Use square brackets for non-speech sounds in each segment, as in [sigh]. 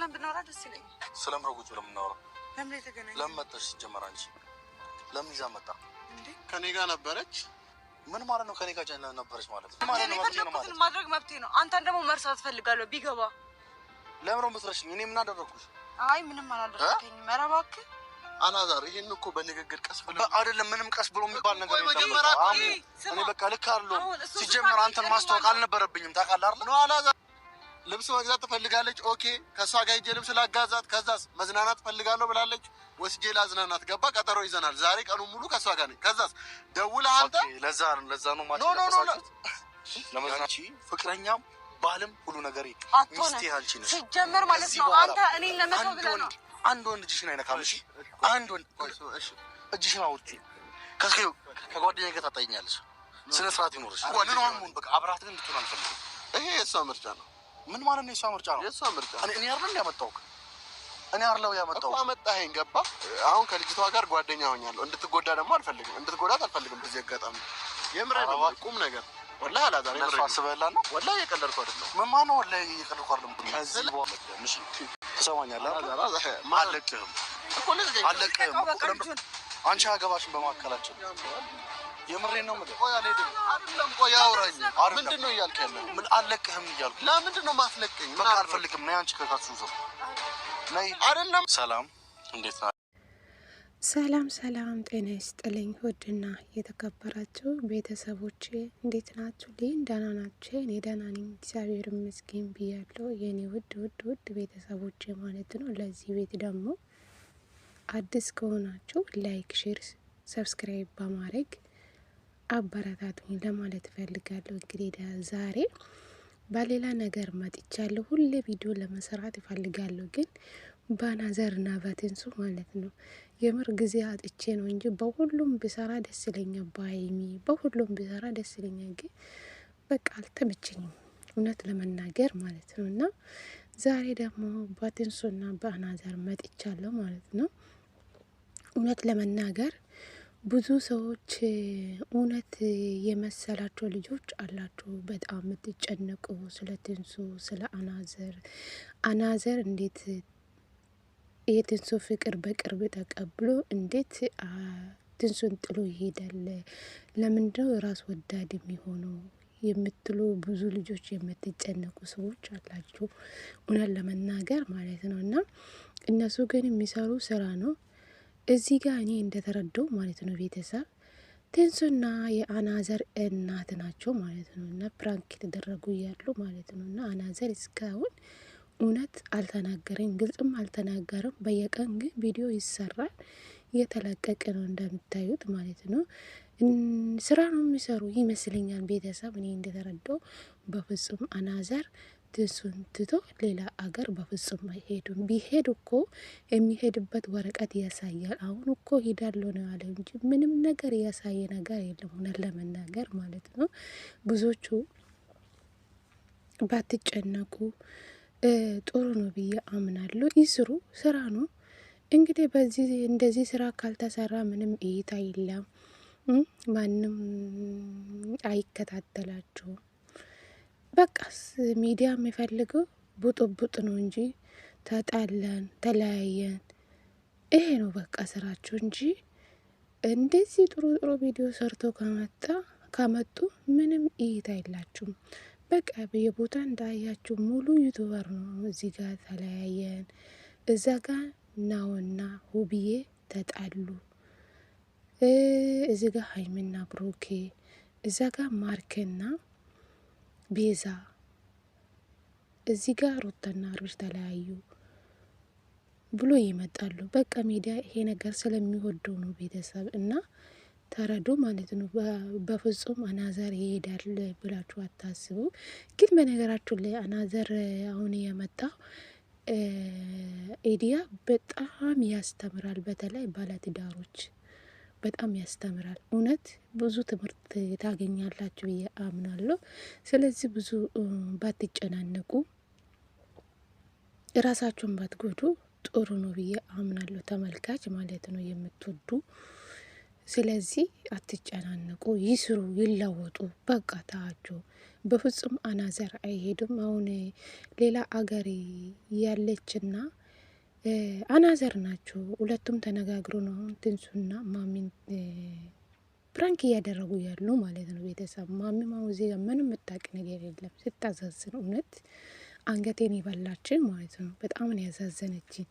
ብለን ብናወራ ደስ ይለኛል። ስለምሮ ቁጭ ብለን ብናወራ ለምን የተገናኘ ለምን መጣሽ? ሲጀመር አንቺ ለምን ይዛ መጣ? ከኔ ጋር ነበረች። ምን ማለት ነው? ከኔ ጋር ነበረች ማለት ነው። የፈለኩትን ማድረግ መብቴ ነው። አንተን ደግሞ መርሳት እፈልጋለሁ። ቢገባ ለምሮ ምትረሽ እኔ ምን አደረግኩሽ? አይ ምንም አላደረግከኝም። መረባክ እባክህ አላዛር ይሄን እኮ በንግግር ቀስ ብሎ አይደለም፣ ምንም ቀስ ብሎ የሚባል ነገር የለም። እኔ በቃ ልክ አለው። ሲጀመር አንተን ማስተዋወቅ አልነበረብኝም። ታውቃለህ አይደል? ልብስ መግዛት ትፈልጋለች። ኦኬ ከእሷ ጋር ሄጄ ልብስ ላጋዛት። ከዛስ መዝናናት ትፈልጋለሁ ብላለች። ወስጄ ላዝናናት ገባ። ቀጠሮ ይዘናል። ዛሬ ቀኑ ሙሉ ከእሷ ጋር ነኝ። ከዛስ ደውለህ አንተ ለዛ ነው ለዛ ነው ማለት ነው ለመዝናናት ፍቅረኛም ባልም ሁሉ ነገር ሚስቴ አንቺ ነሽ ሲጀመር ማለት ነው። አንተ እኔን ለመተው ብለህ ነው። አንድ ወንድ እጅሽን አይነካም። እሺ አንድ ወንድ እጅሽን አውጪ። ከጓደኛ ጋር ታጣይኛለሽ። ስነ ስርዓት ይኖርሽ። በቃ አብራት ግን እንድትሆን አልፈልግም። ይሄ የእሷ ምርጫ ነው። ምን ማለት ነው? የእሷ ምርጫ ነው። የእሷ ምርጫ እኔ አይደል ያመጣሁህ እኔ አይደል ያመጣሁህ እኮ አመጣኸኝ። ገባ። አሁን ከልጅቷ ጋር ጓደኛ ሆኛለሁ። እንድትጎዳ ደግሞ አልፈልግም፣ እንድትጎዳት አልፈልግም። በዚህ አጋጣሚ የምሬ ነው። ቁም ነገር ወላሂ አላዛር ነው። አስበህላት ነው። ወላሂ እየቀለድኩ አይደለም። ምን ማለት ወላሂ እየቀለድኩ አይደለም። ከዚህ በኋላ ምሽ ትሰማኛለህ? አለቅህም አለቅህም። አንቺ አገባሽን በማካላችን የምሬ ነው የምልህ። ቆይ አልሄድም አይደለም። ቆይ አውራኝ። ምንድን ነው እያልክ ያለ? ምን አልለቅህም እያልኩ ለምንድን ነው የማትለቀኝ? በቃ አልፈልግም። ነይ አንቺ ከካሱ ዘው ነይ። አይደለም። ሰላም እንዴት ነው? ሰላም ሰላም፣ ጤና ይስጥልኝ ውድና የተከበራችሁ ቤተሰቦቼ እንዴት ናችሁ? ልኝ ደህና ናችሁ? እኔ ደህና ነኝ እግዚአብሔር ይመስገን ብያለሁ። የእኔ ውድ ውድ ውድ ቤተሰቦቼ ማለት ነው። ለዚህ ቤት ደግሞ አዲስ ከሆናችሁ ላይክ፣ ሼር፣ ሰብስክራይብ በማድረግ አበረታቱኝ ለማለት እፈልጋለሁ። እንግዲህ ዛሬ በሌላ ነገር መጥቻለሁ። ሁሌ ቪዲዮ ለመስራት እፈልጋለሁ ግን ባናዘርና በትንሱ ማለት ነው። የምር ጊዜ አጥቼ ነው እንጂ በሁሉም ብሰራ ደስ ይለኛ፣ ባይሚ በሁሉም ብሰራ ደስ ይለኛ። ግን በቃ አልተመቸኝም እውነት ለመናገር ማለት ነው። እና ዛሬ ደግሞ እና በአናዘር መጥቻለሁ ማለት ነው እውነት ለመናገር ብዙ ሰዎች እውነት የመሰላቸው ልጆች አላቸው። በጣም የምትጨነቁ ስለ ትንሱ፣ ስለ አናዘር አናዘር እንዴት የትንሱ ፍቅር በቅርብ ተቀብሎ እንዴት ትንሱን ጥሎ ይሄዳል? ለምንድነው ራስ ወዳድ የሚሆነው የምትሉ ብዙ ልጆች የምትጨነቁ ሰዎች አላችሁ፣ እውነት ለመናገር ማለት ነው። እና እነሱ ግን የሚሰሩ ስራ ነው እዚህ ጋር እኔ እንደተረዳው ማለት ነው ቤተሰብ ቴንሱና የአናዘር እናት ናቸው ማለት ነው። እና ፕራንክ የተደረጉ እያሉ ማለት ነው። እና አናዘር እስካሁን እውነት አልተናገረም፣ ግልጽም አልተናገረም። በየቀን ግን ቪዲዮ ይሰራል እየተለቀቀ ነው እንደምታዩት ማለት ነው። ስራ ነው የሚሰሩ ይመስለኛል ቤተሰብ እኔ እንደተረዳው በፍጹም አናዘር ትሱን ትቶ ሌላ አገር በፍጹም አይሄዱም። ቢሄድ እኮ የሚሄድበት ወረቀት ያሳያል። አሁን እኮ ሂዳለሁ ነው ያለው እንጂ ምንም ነገር ያሳየ ነገር የለም። ሆነ ለመናገር ማለት ነው ብዙዎቹ ባትጨነቁ ጥሩ ነው ብዬ አምናለሁ። ይስሩ፣ ስራ ነው እንግዲህ። በዚህ እንደዚህ ስራ ካልተሰራ ምንም እይታ የለም። ማንም አይከታተላቸውም። በቃ ሚዲያ የሚፈልገው ቡጥቡጥ ነው እንጂ ተጣለን ተለያየን፣ ይሄ ነው በቃ ስራቸው እንጂ እንደዚህ ጥሩ ጥሩ ቪዲዮ ሰርቶ ከመጣ ከመጡ ምንም እይታ የላችሁም። በቃ በየቦታ እንዳያችሁ ሙሉ ዩቱበር ነው። እዚህ ጋ ተለያየን፣ እዛ ጋ ናውና ሁብዬ ተጣሉ፣ እዚ ጋ ሀይምና ብሮኬ፣ እዛ ጋ ማርኬና ቤዛ እዚህ ጋር ሩታና አብርሽ ተለያዩ ብሎ ይመጣሉ። በቃ ሚዲያ ይሄ ነገር ስለሚወደው ነው ቤተሰብ እና ተረዶ ማለት ነው። በፍጹም አናዘር ይሄዳል ብላችሁ አታስቡ። ግን በነገራችሁ ላይ አናዘር አሁን የመጣው ኤዲያ በጣም ያስተምራል። በተለይ ባለትዳሮች በጣም ያስተምራል። እውነት ብዙ ትምህርት ታገኛላችሁ ብዬ አምናለሁ። ስለዚህ ብዙ ባትጨናነቁ፣ ራሳችሁን ባትጎዱ ጥሩ ነው ብዬ አምናለሁ። ተመልካች ማለት ነው የምትወዱ ስለዚህ አትጨናነቁ፣ ይስሩ፣ ይለወጡ። በቃ ታዋቸው በፍጹም አናዘር አይሄዱም። አሁን ሌላ አገር ያለችና አናዘር ናቸው። ሁለቱም ተነጋግሮ ነው አሁን ትንሱና ማሚን ፕራንክ እያደረጉ ያሉ ማለት ነው። ቤተሰብ ማሚ አሁን ጋር ምንም ምታቅ ነገር የለም። ስታሳዝን እውነት አንገቴን የበላችን ማለት ነው። በጣም ነው ያሳዘነችን።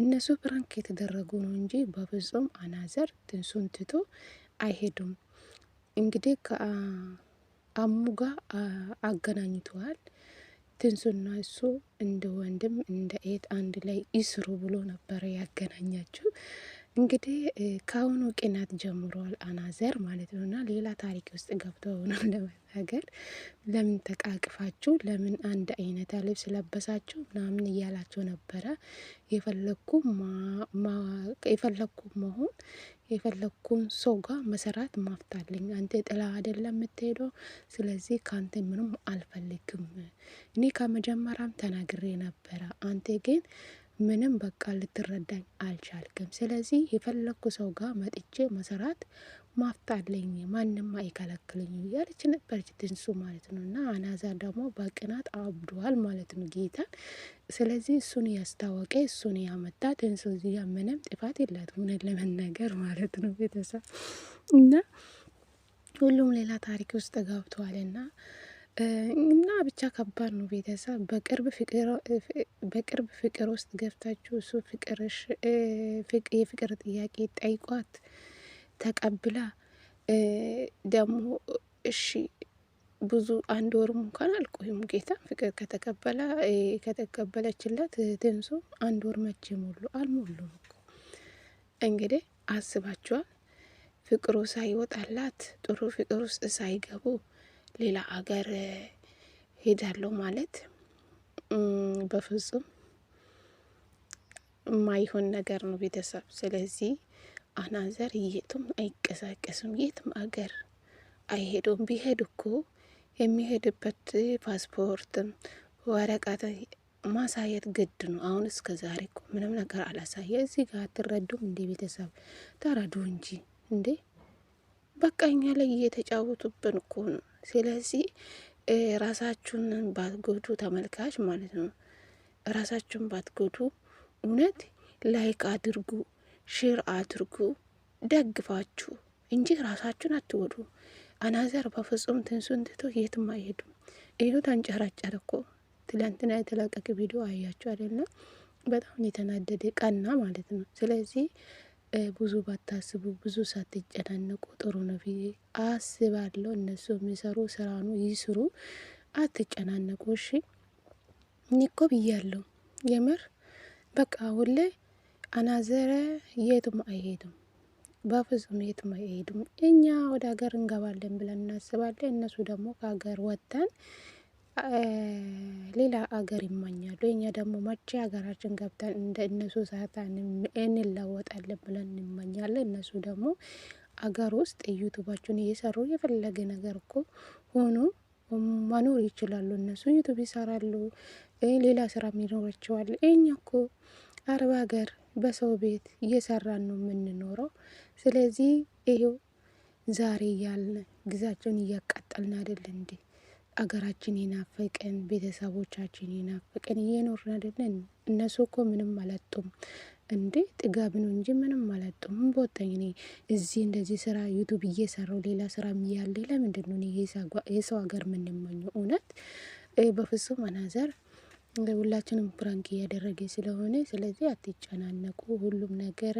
እነሱ ፕራንክ የተደረጉ ነው እንጂ በፍጹም አናዘር ትንሱን ትቶ አይሄዱም። እንግዲህ ከአሙ ጋር አገናኝተዋል። ትንሱና እሱ እንደ ወንድም እንደ ኤት አንድ ላይ ይስሩ ብሎ ነበረ ያገናኛቸው። እንግዲህ ከአሁኑ ቅናት ጀምሯል አናዘር ማለት ነው። እና ሌላ ታሪክ ውስጥ ገብቶ ሆነው [laughs] ለመናገር ለምን ተቃቅፋችሁ፣ ለምን አንድ አይነት ልብስ ለበሳችሁ ምናምን እያላቸው ነበረ። የፈለግኩ መሆን የፈለግኩን ሰው ጋር መሰራት ማፍታለኝ። አንተ ጥላ አይደለም የምትሄደው፣ ስለዚህ ከአንተ ምንም አልፈልግም። እኔ ከመጀመሪያም ተናግሬ ነበረ። አንተ ግን ምንም በቃ ልትረዳኝ አልቻልክም። ስለዚህ የፈለግኩ ሰው ጋር መጥቼ መሰራት ማፍጣለኝ ማንም አይከለክልኝ እያለች ነበር ትንሱ ማለት ነው። እና አናዛ ደግሞ በቅናት አብዷል ማለት ነው ጌታ። ስለዚህ እሱን ያስታወቀ እሱን ያመጣ ትንሱ እዚያ ምንም ጥፋት የላትም እውነት ለመናገር ማለት ነው ቤተሰብ እና ሁሉም ሌላ ታሪክ ውስጥ ገብተዋል እና እና ብቻ ከባድ ነው ቤተሰብ። በቅርብ ፍቅር ውስጥ ገብታችሁ እሱ የፍቅር ጥያቄ ጠይቋት ተቀብላ ደግሞ እሺ ብዙ አንድ ወርም እንኳን አልቆይም። ጌታ ፍቅር ከተቀበለ ከተቀበለችለት ትንሱ አንድ ወር መቼ ሞሉ አልሞሉም እኮ እንግዲህ አስባችኋል። ፍቅሩ ሳይወጣላት ጥሩ ፍቅር ውስጥ ሳይገቡ ሌላ አገር ሄዳለሁ ማለት በፍጹም የማይሆን ነገር ነው ቤተሰብ። ስለዚህ አናዘር የትም አይቀሳቀስም የትም አገር አይሄዱም። ቢሄድ እኮ የሚሄድበት ፓስፖርትም ወረቀት ማሳየት ግድ ነው። አሁን እስከ ዛሬ እኮ ምንም ነገር አላሳየ። እዚህ ጋር አትረዱም እንዴ ቤተሰብ? ተረዱ እንጂ እንዴ! በቃ እኛ ላይ እየተጫወቱብን እኮ ነው። ስለዚህ ራሳችሁን ባትጎዱ ተመልካች ማለት ነው። ራሳችሁን ባትጎዱ እውነት ላይክ አድርጉ፣ ሼር አድርጉ፣ ደግፋችሁ እንጂ ራሳችሁን አትወዱ። አናዘር በፍጹም ትንሱን ትቶ የትም አይሄዱ። እዩ ተንጨራጨረ እኮ ትላንትና የተለቀቀ ቪዲዮ አያችሁ አይደለም? በጣም የተናደደ ቀና ማለት ነው። ስለዚህ ብዙ ባታስቡ ብዙ ሳትጨናነቁ ጥሩ ነው ብዬ አስባለሁ። እነሱ የሚሰሩ ስራ ነው ይስሩ፣ አትጨናነቁ። እሺ ኒኮ ብያለሁ የምር በቃ አሁን ላይ አናዘረ የትም አይሄድም፣ በፍጹም የትም አይሄድም። እኛ ወደ ሀገር እንገባለን ብለን እናስባለን። እነሱ ደግሞ ከሀገር ወጥተን ሌላ አገር ይማኛሉ እኛ ደግሞ መቼ ሀገራችን ገብተን እንደ እነሱ ሰርተን እንለወጣለን ብለን እንመኛለን። እነሱ ደግሞ አገር ውስጥ ዩቱባቸውን እየሰሩ የፈለገ ነገር እኮ ሆኖ መኖር ይችላሉ። እነሱ ዩቱብ ይሰራሉ፣ ሌላ ስራ ይኖራቸዋል። እኛ እኮ አረብ ሀገር በሰው ቤት እየሰራን ነው የምንኖረው። ስለዚህ ይሄው ዛሬ እያልን ግዛቸውን እያቃጠልን አይደል እንዴ? አገራችን የናፈቀን ቤተሰቦቻችን የናፈቀን እየኖርን አይደለን? እነሱ እኮ ምንም አላጡም እንዴ ጥጋብ ነው እንጂ ምንም አላጡም። በወጣኝ እኔ እዚህ እንደዚህ ስራ ዩቱብ እየሰራው ሌላ ስራ ያለ ለምንድን ነው የሰው ሀገር የምንመኘው? እውነት በፍጹም አናዘር ሁላችንም ፕራንክ እያደረገ ስለሆነ ስለዚህ አትጨናነቁ። ሁሉም ነገር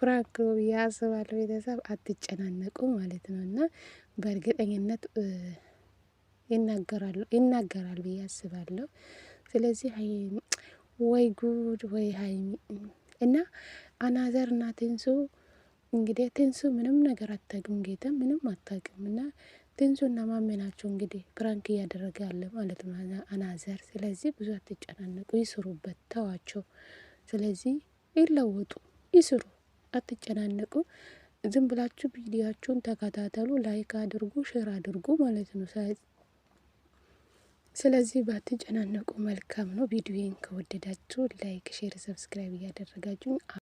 ፕራንክ ያስባለ ቤተሰብ አትጨናነቁ ማለት ነው እና በእርግጠኝነት ይናገራሉ ይናገራል ብዬ አስባለሁ። ስለዚህ ወይ ጉድ ወይ ሀይሚ እና አናዘር እና ትንሱ እንግዲህ ትንሱ ምንም ነገር አታውቅም፣ ጌታ ምንም አታውቅም። እና ትንሱ እና ማሜ ናቸው እንግዲህ ፕራንክ እያደረገ ያለ ማለት ነው አናዘር። ስለዚህ ብዙ አትጨናነቁ፣ ይስሩበት፣ ተዋቸው። ስለዚህ ይለወጡ፣ ይስሩ፣ አትጨናነቁ። ዝም ብላችሁ ቪዲያችሁን ተከታተሉ፣ ላይክ አድርጉ፣ ሼር አድርጉ ማለት ነው። ስለዚህ ባትጨናነቁ መልካም ነው። ቪዲዮን ከወደዳችሁ ላይክ፣ ሼር፣ ሰብስክራይብ እያደረጋችሁ